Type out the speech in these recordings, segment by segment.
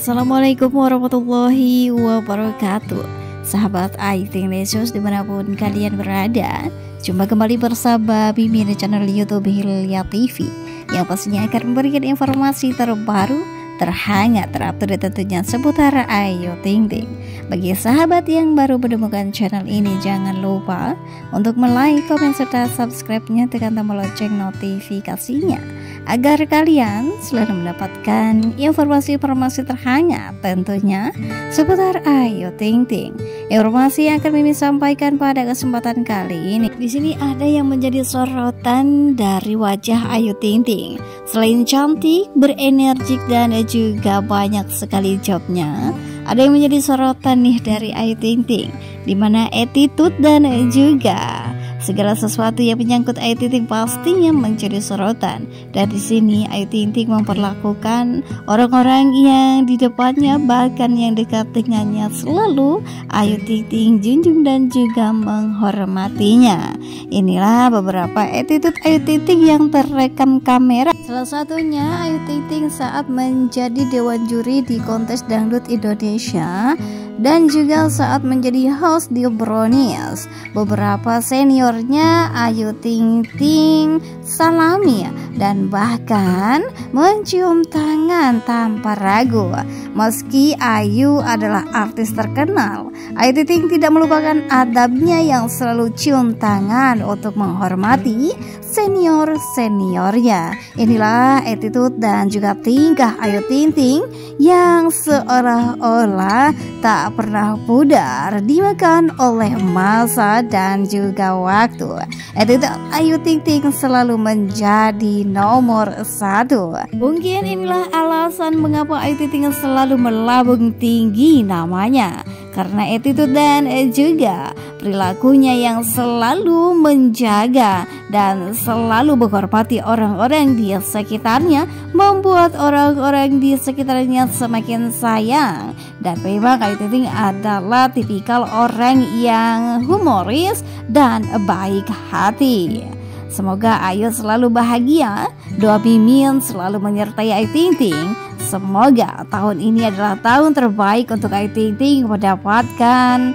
Assalamualaikum warahmatullahi wabarakatuh Sahabat IT Lesus dimanapun kalian berada Jumpa kembali bersama Bibi di channel Youtube Hilya TV Yang pastinya akan memberikan informasi terbaru terhangat, terupdate tentunya seputar Ayu Ting Ting. Bagi sahabat yang baru menemukan channel ini, jangan lupa untuk like, komen, serta subscribe-nya tekan tombol lonceng notifikasinya agar kalian selalu mendapatkan informasi-informasi terhangat tentunya seputar Ayu Ting Ting. Informasi yang akan Mimi sampaikan pada kesempatan kali ini. Di sini ada yang menjadi sorotan dari wajah Ayu Ting Ting. Selain cantik, berenergik dan juga banyak sekali jobnya, ada yang menjadi sorotan nih dari Ayu Ting Ting, di attitude dan juga Segala sesuatu yang menyangkut Ayu Ting Ting pastinya mencuri sorotan. Dan di sini Ayu Ting Ting memperlakukan orang-orang yang di depannya bahkan yang dekat dengannya selalu Ayu Ting Ting junjung dan juga menghormatinya. Inilah beberapa attitude Ayu Ting Ting yang terekam kamera. Salah satunya Ayu Ting Ting saat menjadi dewan juri di kontes dangdut Indonesia dan juga saat menjadi host di Bronies, Beberapa seniornya Ayu Ting Ting, Salami, dan bahkan mencium tangan tanpa ragu. Meski Ayu adalah artis terkenal, Ayu Ting Ting tidak melupakan adabnya yang selalu cium tangan untuk menghormati senior-seniornya. Inilah attitude dan juga tingkah Ayu Ting Ting yang seolah-olah tak pernah pudar dimakan oleh masa dan juga waktu. Itu Ayu Ting Ting selalu menjadi nomor satu. Mungkin inilah alasan mengapa Ayu Ting Ting selalu melambung tinggi namanya karena attitude dan juga perilakunya yang selalu menjaga dan selalu menghormati orang-orang di sekitarnya membuat orang-orang di sekitarnya semakin sayang dan memang Ayu Ting adalah tipikal orang yang humoris dan baik hati. Semoga Ayu selalu bahagia, doa Mimin selalu menyertai Ayu Ting Ting. Semoga tahun ini adalah tahun terbaik untuk Ayu Ting Ting mendapatkan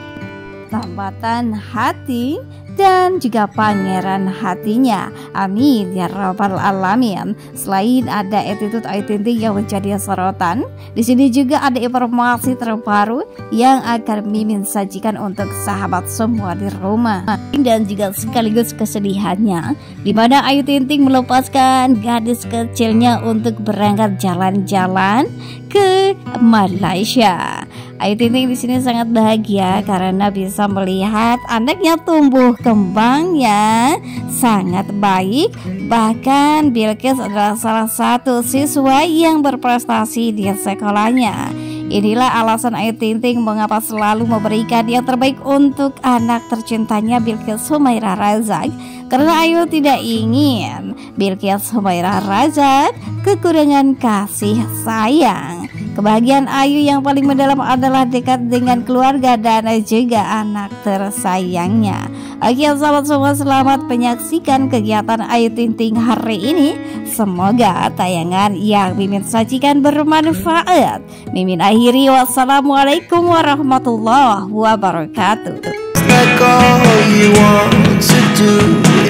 tambatan hati dan juga pangeran hatinya. Amin ya Rabbal 'Alamin. Selain ada attitude authentic yang menjadi sorotan, di sini juga ada informasi terbaru yang akan Mimin sajikan untuk sahabat semua di rumah dan juga sekaligus kesedihannya di mana Ayu Tinting melepaskan gadis kecilnya untuk berangkat jalan-jalan ke Malaysia. Ayu Tinting di sini sangat bahagia karena bisa melihat anaknya tumbuh kembangnya sangat baik. Bahkan Bilkis adalah salah satu siswa yang berprestasi di sekolahnya. Inilah alasan Ayu Tinting mengapa selalu memberikan yang terbaik untuk anak tercintanya Bilkis Humaira Razak karena Ayu tidak ingin Bilkis Humaira Razak kekurangan kasih sayang. Kebahagiaan Ayu yang paling mendalam adalah dekat dengan keluarga dan juga anak tersayangnya. Oke, sahabat semua selamat menyaksikan kegiatan Ayu Ting Ting hari ini. Semoga tayangan yang Mimin sajikan bermanfaat. Mimin akhiri wassalamualaikum warahmatullahi wabarakatuh. Like all you want to do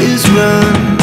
is run.